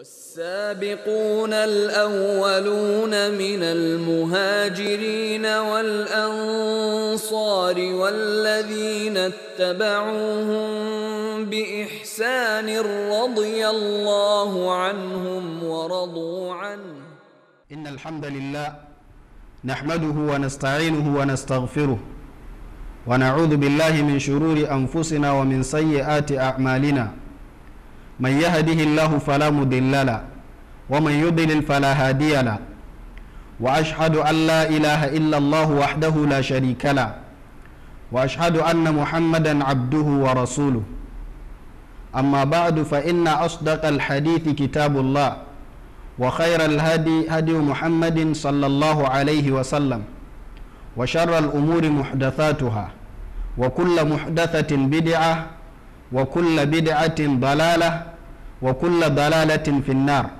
والسابقون الأولون من المهاجرين والأنصار والذين اتبعوهم بإحسان رضي الله عنهم ورضوا عنه إن الحمد لله نحمده ونستعينه ونستغفره ونعوذ بالله من شرور أنفسنا ومن سيئات أعمالنا من يهده الله فلا مضل له ومن يضلل فلا هادي له واشهد ان لا اله الا الله وحده لا شريك له واشهد ان محمدا عبده ورسوله اما بعد فان اصدق الحديث كتاب الله وخير الهدي هدي محمد صلى الله عليه وسلم وشر الامور محدثاتها وكل محدثه بدعه wa kulla bid'atin dalala wa kulla dalalatin finnar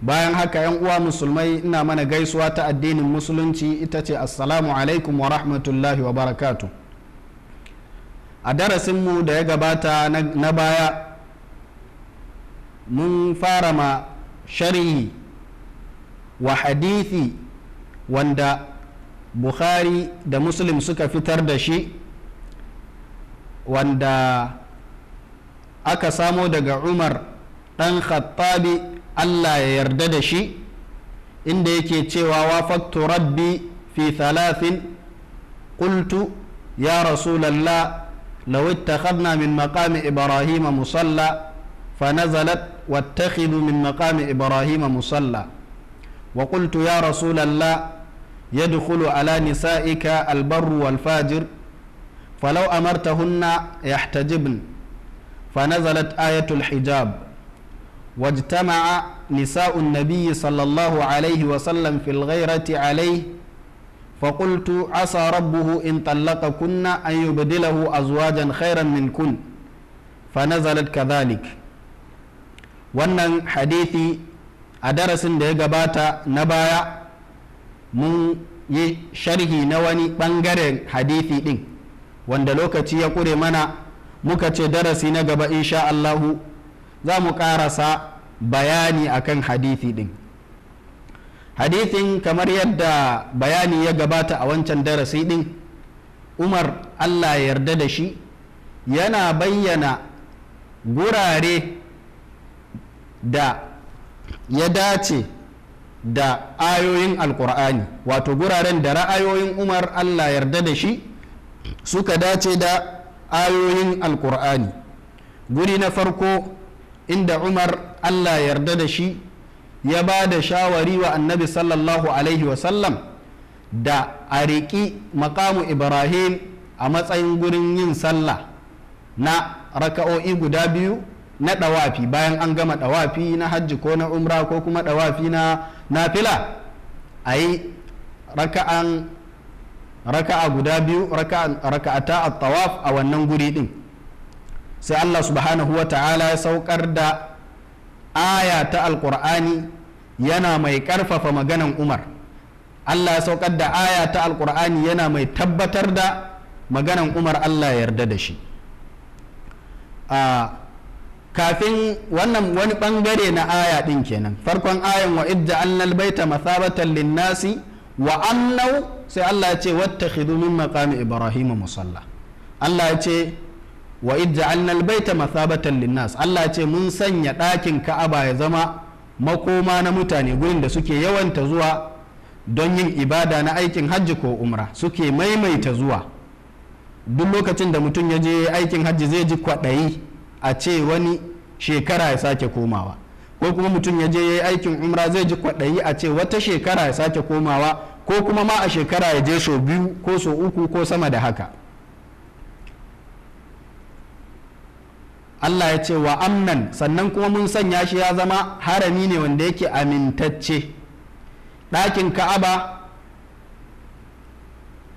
bayan haka yan uwa musulmai ina mana gaisuwa ta addinin musulunci ita ce assalamu alaikum wa rahmatullahi wa barakatu a darasinmu da ya gabata na baya mun fara ma sharhi wa hadithi wanda bukhari da muslim suka fitar da shi wanda aka samo daga umar dan khattabi allah ya yarda da shi inda yake cewa wafattu rabbi fi thalathin qultu ya rasulallah لو اتخذنا من مقام إبراهيم مصلى فنزلت واتخذوا من مقام إبراهيم مصلى وقلت يا رسول الله يدخل على نسائك البر والفاجر فلو أمرتهن يحتجبن فنزلت آية الحجاب واجتمع نساء النبي صلى الله عليه وسلم في الغيرة عليه فقلت عسى ربه إن طلقكن أن يبدله أزواجا خيرا منكن فنزلت كذلك wannan hadithi a darasin da ya gabata na baya mun yi sharhi na wani ɓangaren hadithi ɗin wanda lokaci ya ƙure mana muka ce darasi na gaba insha Allahu za mu ƙarasa bayani akan hadithi ɗin hadithin kamar yadda bayani ya gabata a wancan darasi ɗin umar Allah ya yarda da shi yana bayyana gurare da ya dace da ayoyin alkur'ani wato guraren da ra'ayoyin umar Allah yarda da shi suka dace da ayoyin alkur'ani guri na farko inda umar allah yarda da shi ya ba da shawari wa annabi sallallahu alaihi wasallam da a riƙi makamu ibrahim a matsayin gurin yin sallah na raka'o'i guda biyu na ɗawafi bayan an gama ɗawafi na hajji ko na umra ko kuma ɗawafi na nafila a yi raka'an raka'a guda biyu raka'ata a tawaf a wannan guri din sai Allah subhanahu wa ta'ala ya saukar da aya ta alkur'ani yana mai karfafa maganan umar Allah ya saukar da aya ta alkur'ani yana mai tabbatar da maganan umar Allah ya yarda da shi kafin wannan wani bangare na aya din kenan farkon ayan wa idda annal baita mathabatan linnasi wa annau sai Allah ya ce wata min maqami ibrahima musalla Allah ya ce wa ij'alna albayta mathabatan linnas Allah ya ce mun sanya ɗakin Ka'aba ya zama makoma na mutane gurin da suke yawanta zuwa don yin ibada na aikin hajji ko umra suke maimaita zuwa duk lokacin da mutum ya je aikin hajji zai ji kwaɗayi a ce wani shekara ya sake komawa ko kuma mutum ya je ya aikin umra zai ji kwaɗayi a ce wata shekara ya sake komawa ko kuma ma a shekara ya je so biyu ko so uku ko sama da haka Allah ya ce wa amnan sannan kuma mun sanya shi ya zama harami ne wanda yake amintacce ɗakin ka'aba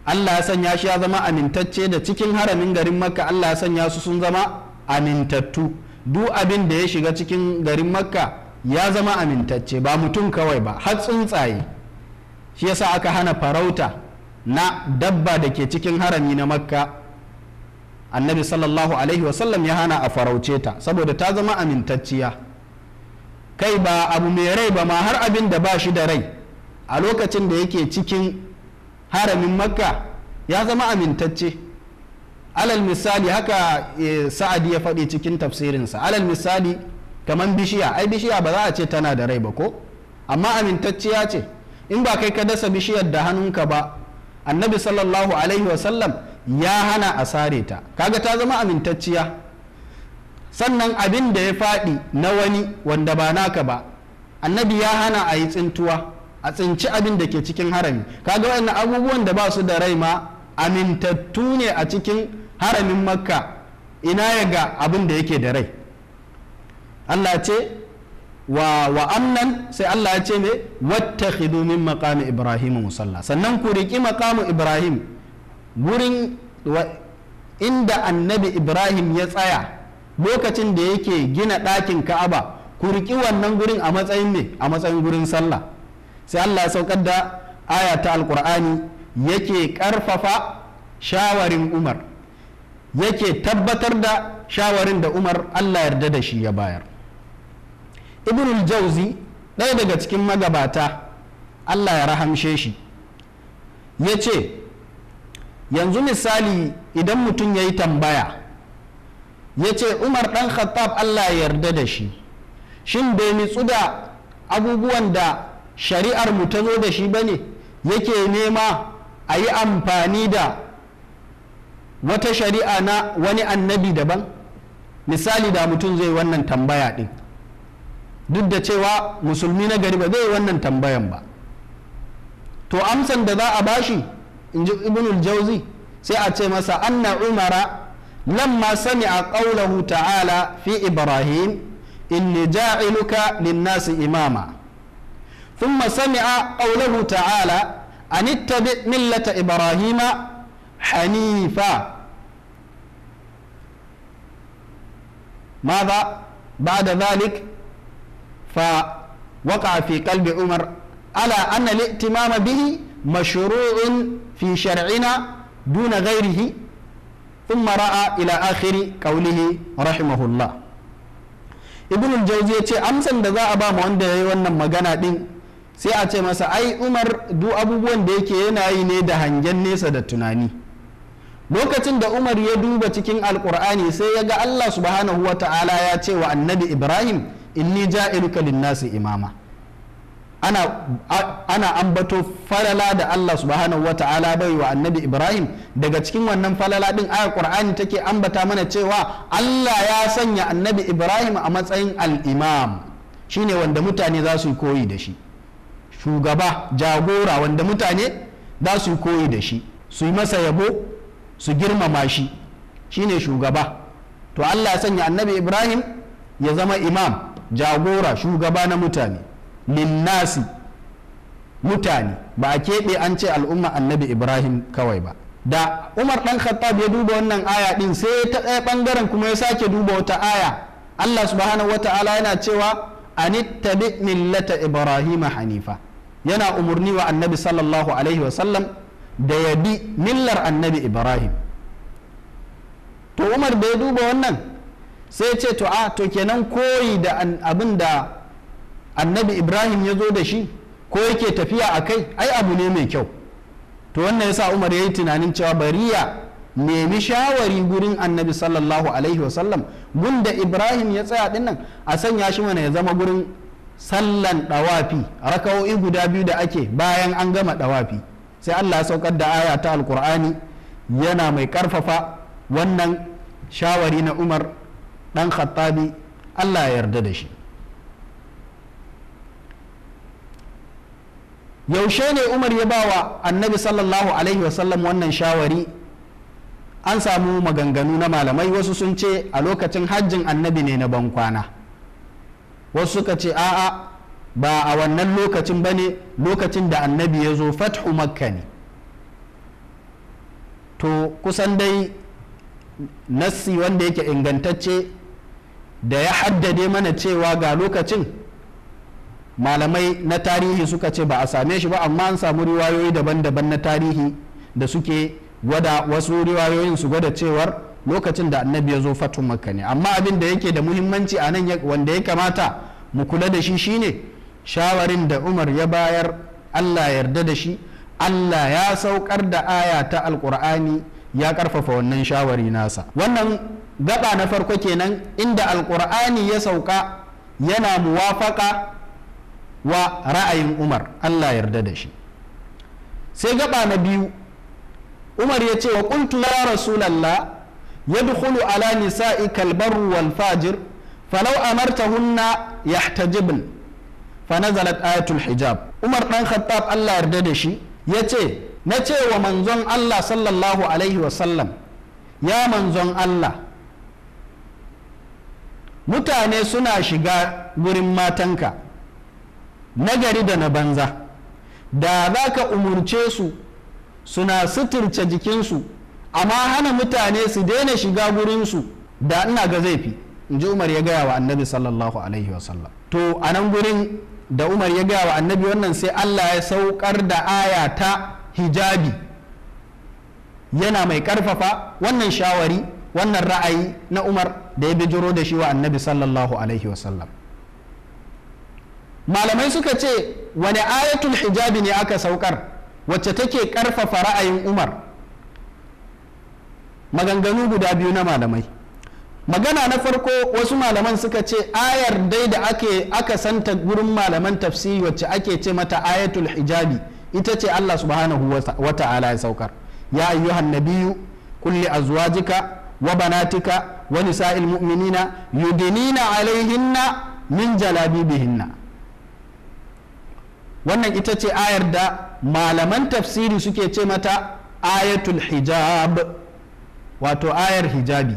Allah ya sanya shi ya zama amintacce da cikin haramin garin makka Allah ya sanya su sun zama amintattu duk abin da ya shiga cikin garin makka ya zama amintacce ba mutum kawai ba har tsuntsaye shi yasa aka hana farauta na dabba da ke cikin harami na makka annabi sallallahu alaihi wasallam ya hana a farauce ta saboda ta zama amintacciya kai ba abu mai rai ba ma har abin da ba shi da rai a lokacin da yake cikin haramin makka ya zama amintacce alal misali haka e, eh, sa'adi ya faɗi cikin tafsirinsa alal misali kamar bishiya ai bishiya ba za a ce tana da rai ba ko amma amintacciya ce in ba kai ka dasa bishiyar da hannunka ba annabi sallallahu alaihi wasallam ya hana a sare ta kaga ta zama amintacciya sannan abin da ya faɗi na wani wanda ba naka ba annabi ya hana a yi tsintuwa a tsinci abin da ke cikin harami kaga wannan abubuwan da ba su da rai ma amintattu ne a cikin haramin makka ina ya ga abin da yake da rai allah ce wa wa sai Allah ya ce me wattakhidhu min maqami ibrahim musalla sannan ku riki maqamu ibrahim gurin inda annabi ibrahim ya tsaya lokacin da yake gina ɗakin ka'aba ku riki wannan gurin a matsayin me a matsayin gurin sallah sai Allah ya saukar da aya ta alqur'ani yake karfafa shawarin umar yake tabbatar da shawarin da umar Allah yarda da shi ya bayar ibnul jauzi ɗaya daga cikin magabata allah ya rahamshe shi ya ce yanzu misali idan mutum ya yi tambaya ya ce umar ɗan khattab allah ya yarda da shi shin bai nitsu da abubuwan da shari'ar mu ta zo da shi ba ne yake nema a yi amfani da wata shari'a na wani annabi daban misali da mutum zai wannan tambaya ɗin duk da cewa musulmi na gari ba zai wannan tambayan ba to amsan da za a bashi in ji ibnul jauzi sai a ce masa anna umara lamma sami a ƙaunahu ta'ala fi ibrahim inni ja'iluka linnasi imama ثم سمع قوله تعالى أن اتبع ملة إبراهيم حنيفا ماذا بعد ذلك fa waka fi kalbi umar ala anna li'timama bihi mashru'un fi shar'ina duna ghairihi thumma ra'a ila akhiri qawlihi rahimahullah ibn al-jawzi yace amsan da za a ba mu wanda yayi wannan magana din sai a ce masa ai umar duk abubuwan da yake yana yi ne da hangen nesa da tunani lokacin da umar ya duba cikin Alƙur'ani sai ya ga allah subhanahu wa ta'ala ya ce wa annabi ibrahim inni ja'iluka linnasi imama ana, ambato falala da Allah subhanahu wa ta'ala bai wa annabi Ibrahim daga cikin wannan falala din aya Qur'ani take ambata mana cewa Allah ya sanya annabi Ibrahim a matsayin al-imam shine wanda mutane za su yi koyi da shi shugaba jagora wanda mutane za su yi koyi da shi su yi masa yabo su girmama shi shine shugaba to Allah ya sanya annabi Ibrahim ya zama imam jagora shugaba na mutane linnasi mutane ba a keɓe an ce al'umma annabi ibrahim kawai ba da umar ɗan khattab ya duba wannan aya din sai ta ɗaya ɓangaren kuma ya sake duba wata aya allah subhanahu wata'ala yana cewa anittabi millata Ibrahim hanifa yana umarni wa annabi sallallahu alaihi wasallam da ya bi millar annabi ibrahim to umar da ya duba wannan sai ce to a ah, to kenan koyi da abin da annabi ibrahim ya zo da shi ko yake tafiya a kai ai abu ne mai kyau to wannan yasa umar ya yi tunanin cewa bariya nemi shawari gurin annabi sallallahu alaihi wasallam gunda ibrahim ya tsaya dinnan a sanya shi mana ya zama gurin sallan dawafi raka'o'i guda biyu da ake bayan an gama dawafi sai allah ya saukar da aya ta alkur'ani yana mai karfafa wannan shawari na umar ɗan khattabi allah ya yarda da shi yaushe ne umar ya bawa annabi sallallahu alaihi wasallam wannan shawari an samu maganganu na malamai wasu sun ce a lokacin hajjin annabi ne na bankwana wasu suka ce a'a ba a wannan lokacin ba ne lokacin da annabi ya zo fathu makka ne to kusan dai nassi wanda yake ingantacce da ya haddade mana cewa ga lokacin malamai na tarihi suka ce ba a same shi ba amma an samu riwayoyi daban-daban na tarihi da suke gwada wasu riwayoyin su gwada cewar lokacin da annabi ya zo fatun makka ne amma abin da yake da muhimmanci a nan wanda ya kamata mu kula da shi shine shawarin da umar ya bayar allah yarda da shi allah ya saukar da aya ta alkur'ani ya karfafa wannan shawari nasa wannan gaba na farko kenan inda alkur'ani ya sauka yana muwafaka wa ra'ayin umar allah yarda da shi sai gaba na biyu umar ya ce wa kuntu ya rasulallah dukulu ala nisa'i kalbaru wal fajir falau hunna yahtajibn fa nazalat ayatul hijab umar dan khattab allah yarda da shi ya ce na ce wa manzon allah sallallahu alaihi wasallam ya manzon allah mutane suna shiga wurin matanka nagari da na banza da za ka umurce su suna suturce jikinsu amma hana mutane su daina shiga gurinsu da ina ga zai fi in ji umar ya gaya wa annabi sallallahu alaihi wasallam to a nan gurin da umar ya gaya wa annabi wannan sai allah ya saukar da aya ta hijabi yana mai karfafa wannan shawari wannan ra'ayi na umar da ya bijiro da shi wa annabi sallallahu alaihi wasallam malamai suka ce wani ayatul hijabi ne aka saukar wacce take karfafa ra'ayin umar maganganu guda biyu na malamai magana na farko wasu malaman suka ce ayar dai da ake aka santa gurin malaman tafsiri wacce ake ce mata ayatul hijabi ita ce allah subhanahu wa ta'ala ya saukar ya ayyuhan nabiyu kulli azwajika wa banatika wa nisa'il mu'minina yudinina alaihinna min jalabibihinna wannan ita ce ayar da malaman tafsiri suke ce mata ayatul hijab wato ayar hijabi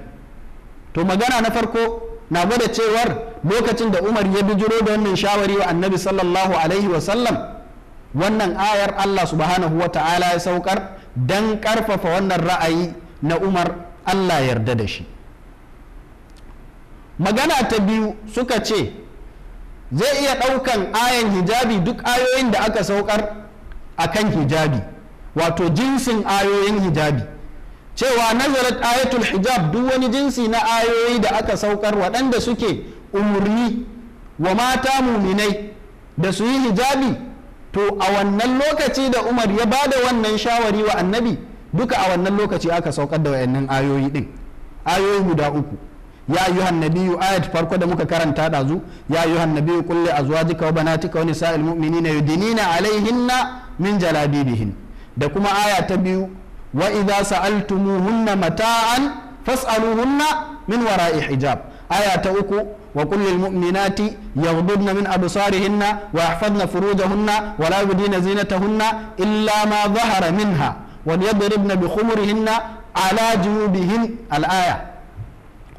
to magana na farko na gwada cewar lokacin da umar ya bijiro da wannan shawari wa annabi sallallahu alaihi wasallam wannan ayar allah subhanahu wa ta'ala ya saukar don karfafa wannan ra'ayi na umar allah yarda da shi magana ta biyu suka ce zai iya ɗaukan ayan hijabi duk ayoyin da aka saukar a kan hijabi wato jinsin ayoyin hijabi cewa nazarat ayatul hijab duk wani jinsi na ayoyi da aka saukar waɗanda suke umarni wa mata muminai da su yi hijabi to a wannan lokaci da umar ya ba da wannan shawari wa annabi duka a wannan lokaci aka saukar da wayannan ayoyi ɗin ayoyi guda uku ya ayyuhan nabiyyu ayat farko da muka karanta dazu ya ayyuhan nabiyyu qul li azwajika wa banatika wa nisa'il mu'minina yudinina alaihinna min jalabibihin da kuma aya ta biyu wa sa'altu mata an mata'an fas'aluhunna min wara'i hijab aya ta uku wa kulle lil mu'minati yaghdudna min absarihinna wa yahfazna hunna wa la yubdina hunna illa ma dhahara minha wa yadribna bi khumurihinna ala jubihin al-aya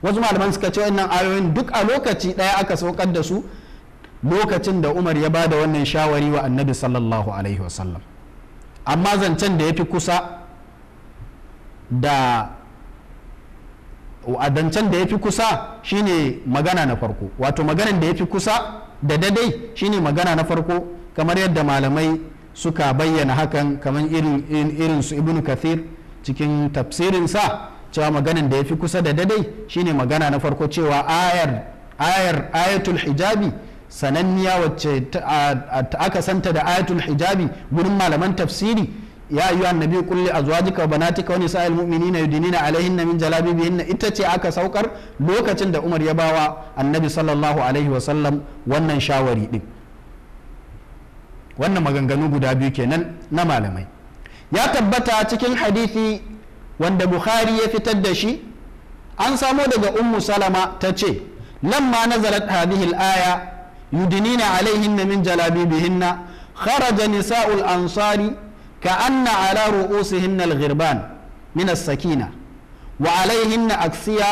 wasu malaman suka ce wannan ayoyin duk a lokaci ɗaya aka saukar da su lokacin da umar ya bada wannan shawari wa annabi sallallahu alaihi wasallam amma zancen da ya fi kusa da zancen da ya fi kusa shine magana na farko wato maganan da ya fi kusa da dadai shine magana na farko kamar yadda malamai suka bayyana hakan kamar irin su Ibn kathir cikin tafsirinsa cewa maganan da ya fi kusa da dadai shine magana na farko cewa ayar ayar ayatul hijabi sananniya wacce aka santa da ayatul hijabi gurin malaman tafsiri ya ayyuha annabi qul li azwajika wa banatika wa nisa'il mu'minina yudinina alaihinna min jalabibihinna ita ce aka saukar lokacin da Umar ya bawa annabi sallallahu alaihi wa sallam wannan shawari din wannan maganganu guda biyu kenan na malamai ya tabbata cikin hadisi. wanda bukhari ya fitar da shi an samo daga ummu salama ta ce lamma nazalat hadhihi al-aya yudnina alaihinna min jalabibihinna kharaja nisa'ul ansari كأن على رؤوسهن الغربان من السكينة وعليهن أكسية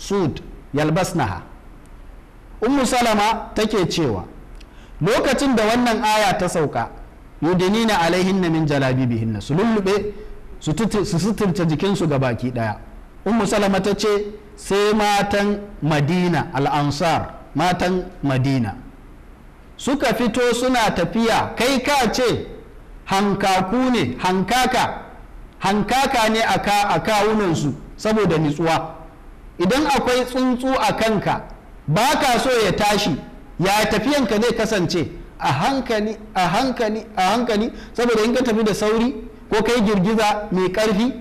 sud yalbasnaha salama ta take cewa lokacin da wannan aya ta sauka yudinina alaihinna min jalabibihinna su lullube su suturta jikinsu ga baki ɗaya umu salama ta ce sai matan madina al'ansar matan madina suka fito suna tafiya kai ka ce hankaku ne hankaka hankaka ne a kawunansu saboda nitsuwa idan akwai tsuntsu a kanka ba ka so ya tashi ya tafiyanka zai kasance a hankali a hankali a hankali saboda in ka tafi da sauri ko kai girgiza mai karfi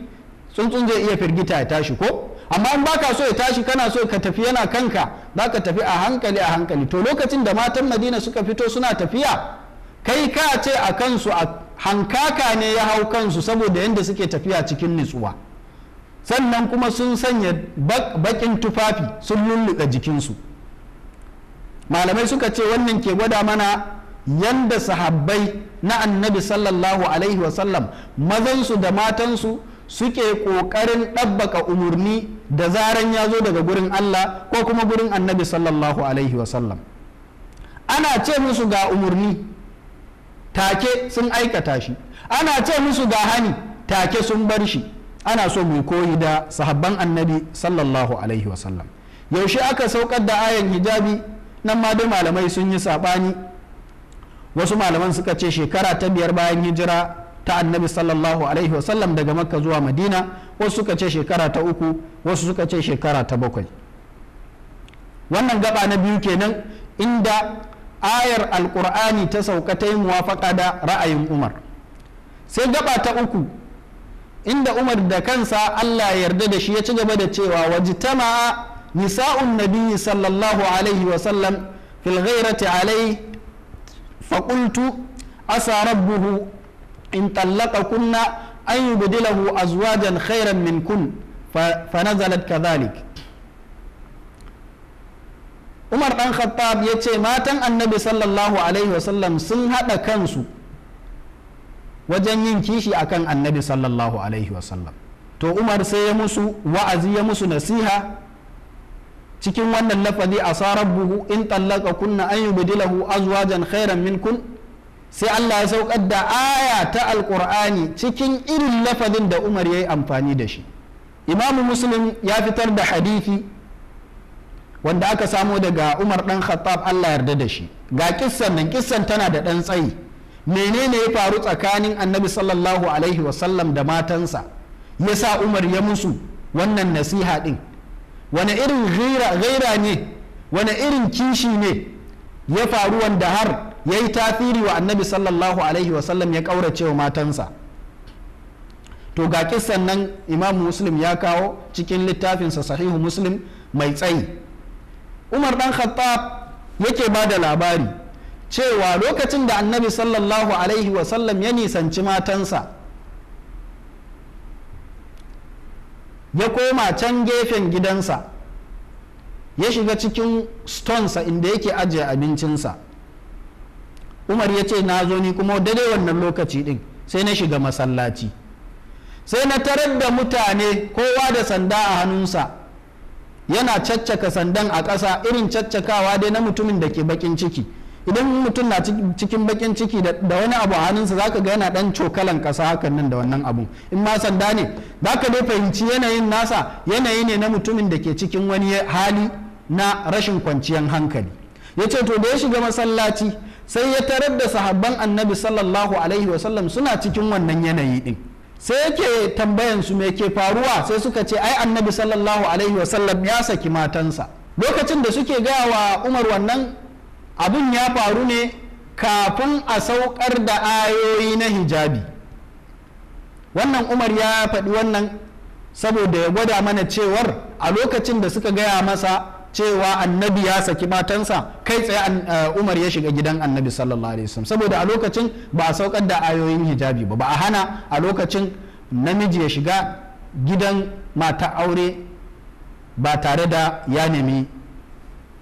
tsuntsun zai iya firgita ya tashi ko amma in baka so ya tashi kana so ka tafi yana kanka za ka tafi a hankali a hankali to lokacin da matan madina suka fito suna tafiya kai ka ce a kansu a hankaka ne ya hau kansu saboda yadda suke tafiya cikin nutsuwa sannan kuma sun sanya bakin tufafi sun lulluɗa jikinsu malamai suka ce wannan ke gwada mana yanda sahabbai na annabi sallallahu alaihi wasallam mazansu da matansu suke ƙoƙarin ɗabbaka umarni da zaran ya zo daga gurin Allah ko kuma gurin annabi sallallahu alaihi wasallam ana ce musu ga umarni take sun aikata shi ana ce musu ga hani take sun bar shi ana so mu koyi da sahabban annabi sallallahu alaihi wasallam yaushe aka saukar da ayan hijabi nan ma dai malamai sun yi saɓani wasu malaman suka ce shekara ta biyar bayan hijira ta annabi sallallahu alaihi wasallam daga makka zuwa madina wasu suka ce shekara ta uku wasu suka ce shekara ta bakwai wannan gaba na biyu kenan inda ayar alkur'ani ta sauka ta yi muwafaka da ra'ayin umar sai gaba ta uku inda umar da kansa allah yarda da shi ya ci gaba da cewa wajitama nisa'un nabi sallallahu alaihi wasallam fil ghairati alaihi faƙultu asa buhu in tallaka kunna an yubdilahu azwajan khairan min kun fa nazalat kadhalik Umar dan Khattab ya ce matan annabi sallallahu sun haɗa kansu wajen yin kishi akan annabi to Umar sai ya musu wa'azi ya musu nasiha cikin wannan lafazi a buhu in tallaka kunna an yubdilahu azwajan khairan minkun sai Allah ya saukar da aya ta alqur'ani cikin irin lafazin da Umar yayi amfani da shi Imam Muslim ya fitar da hadisi wanda aka samo daga Umar dan Khattab Allah yarda da shi ga kissan nan kissan tana da dan tsayi menene ya faru tsakanin Annabi sallallahu alaihi wasallam da matansa ya sa Umar ya musu wannan nasiha din wani irin gaira ne wani irin kishi ne ya faru wanda har ya yi tasiri wa annabi sallallahu alaihi wasallam ya ƙaurace wa matansa to ga kisan nan imam muslim ya kawo cikin littafinsa sahihu muslim mai tsayi umar dan khattab yake ba da labari cewa lokacin da annabi sallallahu alaihi wasallam ya nisanci matansa ya koma can gefen gidansa ya shiga cikin stonesa inda yake ajiye abincinsa umar ya ce na zo ni kuma daidai wannan lokaci din sai na shiga masallaci sai na tarar da mutane kowa da sanda a hannunsa yana caccaka sandan a ƙasa irin caccakawa dai na mutumin da ke bakin ciki idan mutum na cikin bakin ciki da wani abu a hannunsa zaka ga yana dan cokalan kasa hakan nan da wannan abu. in ma sanda ne ka dai fahimci yanayin nasa yanayi ne na mutumin da ke cikin wani hali na rashin kwanciyar hankali ya ce to da ya shiga masallaci sai ya tarar da sahabban annabi sallallahu alaihi wasallam suna cikin wannan yanayi din sai yake tambayan su me ke faruwa sai suka ce ai annabi sallallahu alaihi wasallam ya saki matansa lokacin da suke gaya wa umar wannan Abin ya faru ne kafin a saukar da ayoyi na hijabi wannan umar ya faɗi wannan saboda ya gwada mana cewar a lokacin da suka gaya masa cewa annabi ya saki matansa kai tsaye eh, umar ya shiga gidan annabi sallallahu alaihi wasallam saboda a lokacin ba a saukar da ayoyin hijabi ba ba a hana a lokacin namiji ya shiga gidan mata aure ba tare da ya nemi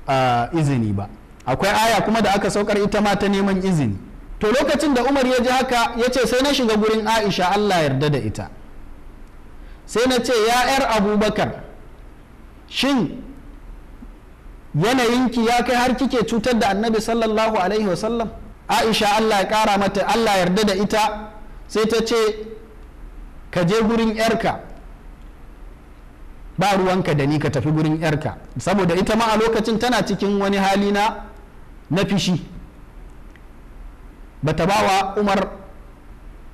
eh, izini ba akwai aya kuma da aka saukar ita ma ta neman izini to lokacin da umar ya ji haka ya ce sai na shiga gurin aisha allah yarda da ita sai na ce ya 'yar abubakar shin yanayinki ya kai har kike cutar da annabi sallallahu alaihi wasallam aisha allah ya kara mata allah yarda da ita sai ta ce ka je gurin 'yarka ba ruwanka da ni ka tafi gurin 'yarka saboda ita ma a lokacin tana cikin wani hali na na fishi bata ba wa umar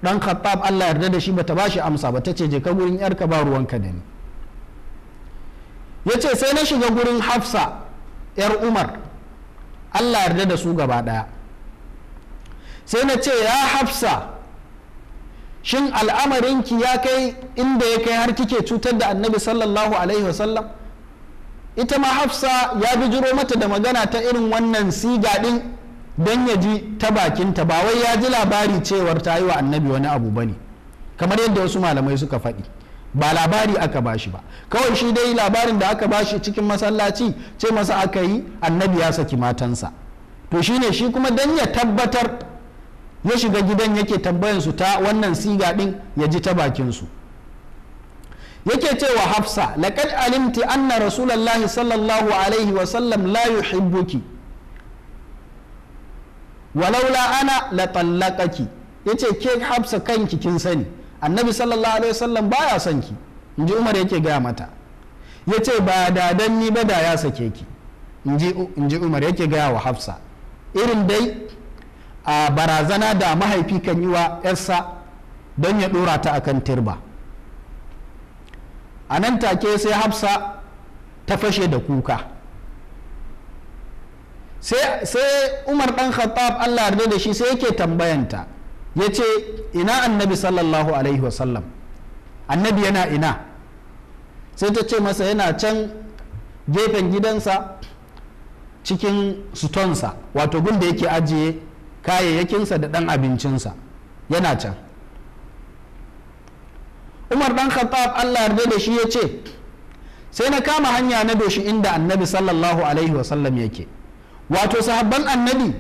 dan khattab allah yarda da shi ta ba shi amsa ba ta ce je ka gurin yarka ba ruwanka da ni ya ce sai na shiga gurin hafsa yar umar allah yarda da su gaba ɗaya sai na ce ya hafsa shin al'amarinki ya kai inda ya kai har kike cutar da annabi sallallahu alaihi wasallam ita ma hafsa ya bijiro mata da magana ta irin wannan siga din don ya ji ta bakinta ba wai ya ji labari cewar ta yi wa annabi wani abu ba ne kamar yadda wasu malamai suka faɗi ba labari aka ba shi ba kawai shi dai labarin da aka ba shi cikin masallaci ce masa aka yi annabi ya saki matansa to shine shi kuma don ya tabbatar ya shiga gidan yake tambayansu ta wannan siga din ya ji ta bakinsu yake cewa hafsa laqad alimti anna rasulullahi sallallahu alaihi wa sallam la yuhibbuki walaula ana la tallaqaki yace ke hafsa kanki kin sani annabi sallallahu alaihi wasallam baya son ki inji umar yake gaya mata yace ba da dan ni ba da ya sake ki inji umar yake gaya wa hafsa irin dai a barazana da mahaifi kan yi wa yarsa don ya dora ta akan tirba a nan take sai hafsa ta fashe da kuka sai umar dan khattab allah yarda da shi sai yake tambayanta ya ce ina annabi sallallahu alaihi wasallam annabi yana ina sai ta ce masa yana can gefen gidansa cikin sutonsa wato gun yake ajiye kayayyakinsa da ɗan abincinsa yana can umar dan khattab allah yarda da shi ya ce sai na kama hanya na doshi inda annabi sallallahu alaihi wasallam yake wato sahabban annabi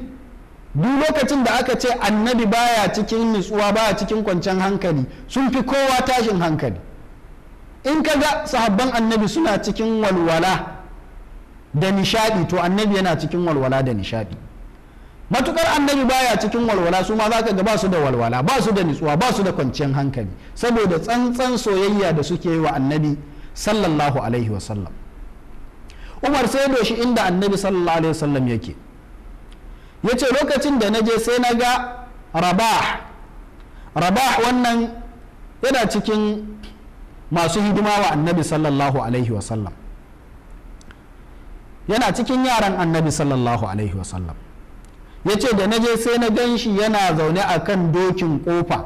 duk lokacin da aka ce annabi baya cikin nutsuwa baya cikin kwanciyar hankali sun fi kowa tashin hankali in ka ga sahabban annabi suna cikin walwala da nishadi to annabi yana cikin walwala da nishadi matukar annabi baya cikin walwala su ma zaka ga ba su da walwala ba su da nutsuwa ba su da kwanciyar hankali saboda tsantsan soyayya da suke yi wa annabi sallallahu alaihi wasallam umar sai doshi inda annabi sallallahu alaihi wasallam yake ya lokacin da na je sai na ga rabah rabah wannan yana cikin masu hidima wa annabi sallallahu alaihi wasallam yana cikin yaran annabi sallallahu alaihi wasallam ya ce da je sai na gan shi yana zaune a kan dokin kofa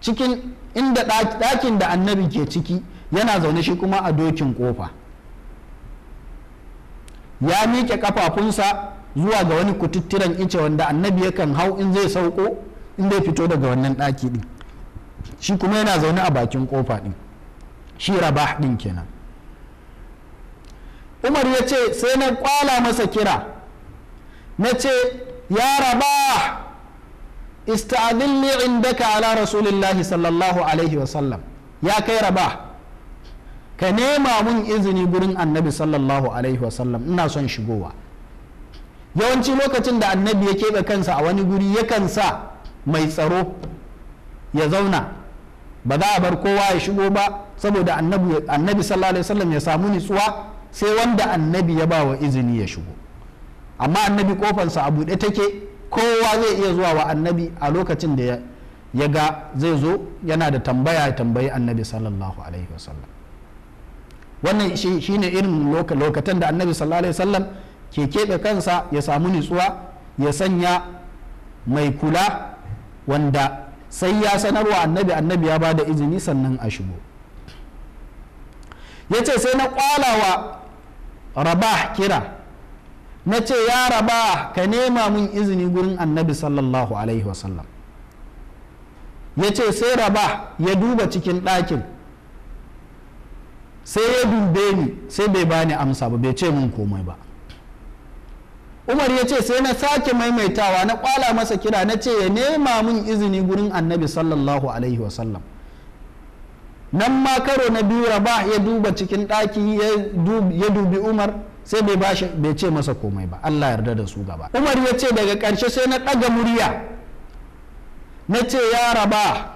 cikin inda ɗakin da annabi ke ciki yana zaune shi kuma a dokin kofa ya miƙe kafafunsa zuwa ga wani kututturen ice wanda annabi yakan hau in zai sauko in zai fito daga wannan ɗaki ɗin shi kuma yana zaune a bakin kofa ɗin shi raba ɗin kenan umar ya ce sai na kwala masa kira na ce ya raba ista'adilli indaka ala rasulillahi sallallahu alaihi wasallam ya kai raba ka nema mun izini gurin annabi sallallahu alaihi wasallam ina son shigowa yawanci lokacin da annabi ya keɓe kansa a wani guri yakan sa mai tsaro ya zauna ba za a bar kowa ya shigo ba saboda annabi sallallahu alaihi wasallam ya samu nutsuwa sai wanda annabi ya ba wa izini ya shigo amma annabi kofansa a buɗe take kowa zai iya zuwa wa annabi a lokacin da ya ga zai zo yana da tambaya ya tambayi annabi sallallahu alaihi wasallam wannan shi ne irin lokatan da annabi sallallahu alaihi wasallam ke keɓe kansa ya samu nutsuwa ya sanya mai kula wanda sai ya sanarwa annabi annabi ya ba da izini sannan a shigo ya ce sai na kwalawa rabah kira na ce ya raba ka nema mun izini gurin annabi sallallahu alaihi wasallam ya ce sai raba ya duba cikin ɗakin sai ya dube ni sai bai bani amsa ba bai ce mun komai ba umar ya ce sai na sake maimaitawa na kwala masa kira na ce ya nema mun izini gurin annabi sallallahu alaihi wasallam nan ma karo na biyu raba ya duba cikin ɗaki ya dubi umar sai bai bashi bai ce masa komai ba Allah yarda da su gaba Umar ya ce daga ƙarshe sai na ɗaga murya na ce ya raba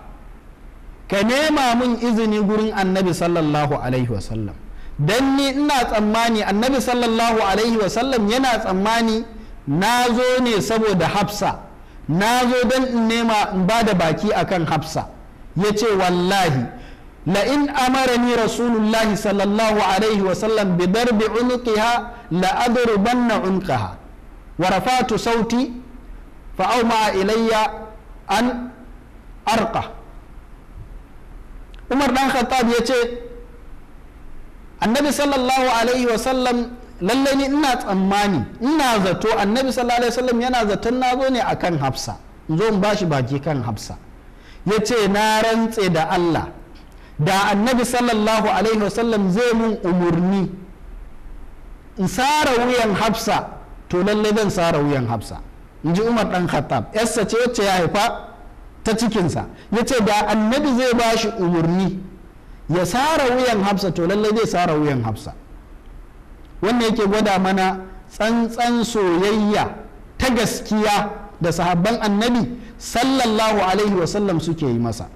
ka nema mun izini gurin annabi sallallahu alaihi wasallam don ni ina tsammani annabi sallallahu alaihi wasallam yana tsammani na zo ne saboda hafsa na zo don in nema in ba da baki akan hafsa ya ce wallahi لئن أمرني رسول الله صلى الله عليه وسلم بضرب عنقها لأضربن عنقها ورفعت صوتي فأومع إلي أن أرقى عمر بن الخطاب يتي النبي صلى الله عليه وسلم lallai ni ina tsammani ina zato annabi sallallahu alaihi wasallam yana zaton na zo ne akan hafsa in zo in bashi baki kan hafsa ya ce na rantse da allah da annabi sallallahu alaihi wasallam zai mun umurni in sara wuyan hafsa to lalle zan sara wuyan hafsa in ji umar dan khattab yarsa ce wacce ya haifa ta cikinsa ya ce da annabi zai ba shi umurni ya sara wuyan hafsa to lalle zai sara wuyan hafsa wannan yake gwada mana tsantsan soyayya ta gaskiya da sahabban annabi sallallahu alaihi wasallam suke yi masa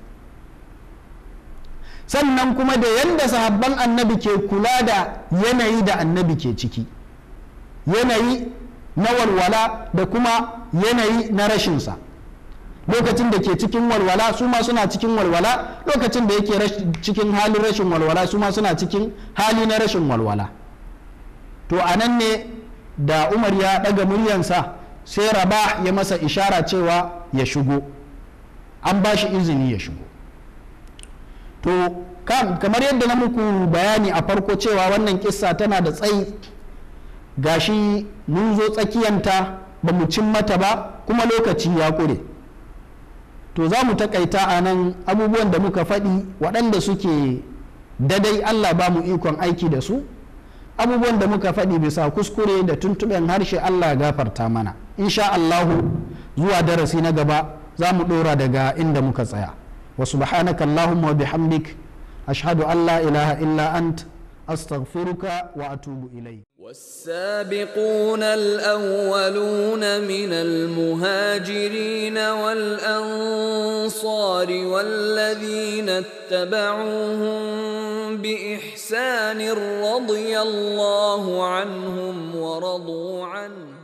sannan kuma da yadda sahabban annabi ke kula da yanayi da annabi ke ciki yanayi na walwala da kuma yanayi na rashinsa lokacin da ke cikin walwala su ma suna cikin walwala lokacin da yake cikin halin rashin walwala su ma suna cikin hali na rashin walwala to a nan ne da umar ya ɗaga muryansa sai raba ya masa ishara cewa ya shigo an ba shi izini ya shigo to kamar yadda na muku bayani a farko cewa wannan kisa tana da tsayi gashi mun zo tsakiyanta ba mu cin mata ba kuma lokaci ya kure to za mu takaita a nan abubuwan da muka faɗi waɗanda suke dadai allah ba mu ikon aiki da su abubuwan da muka faɗi bisa kuskure da tuntuɓen harshe allah gafarta mana insha allahu zuwa darasi na gaba za mu ɗora daga inda muka tsaya وسبحانك اللهم وبحمدك أشهد أن لا إله إلا أنت أستغفرك وأتوب إليك والسابقون الأولون من المهاجرين والأنصار والذين اتبعوهم بإحسان رضي الله عنهم ورضوا عنه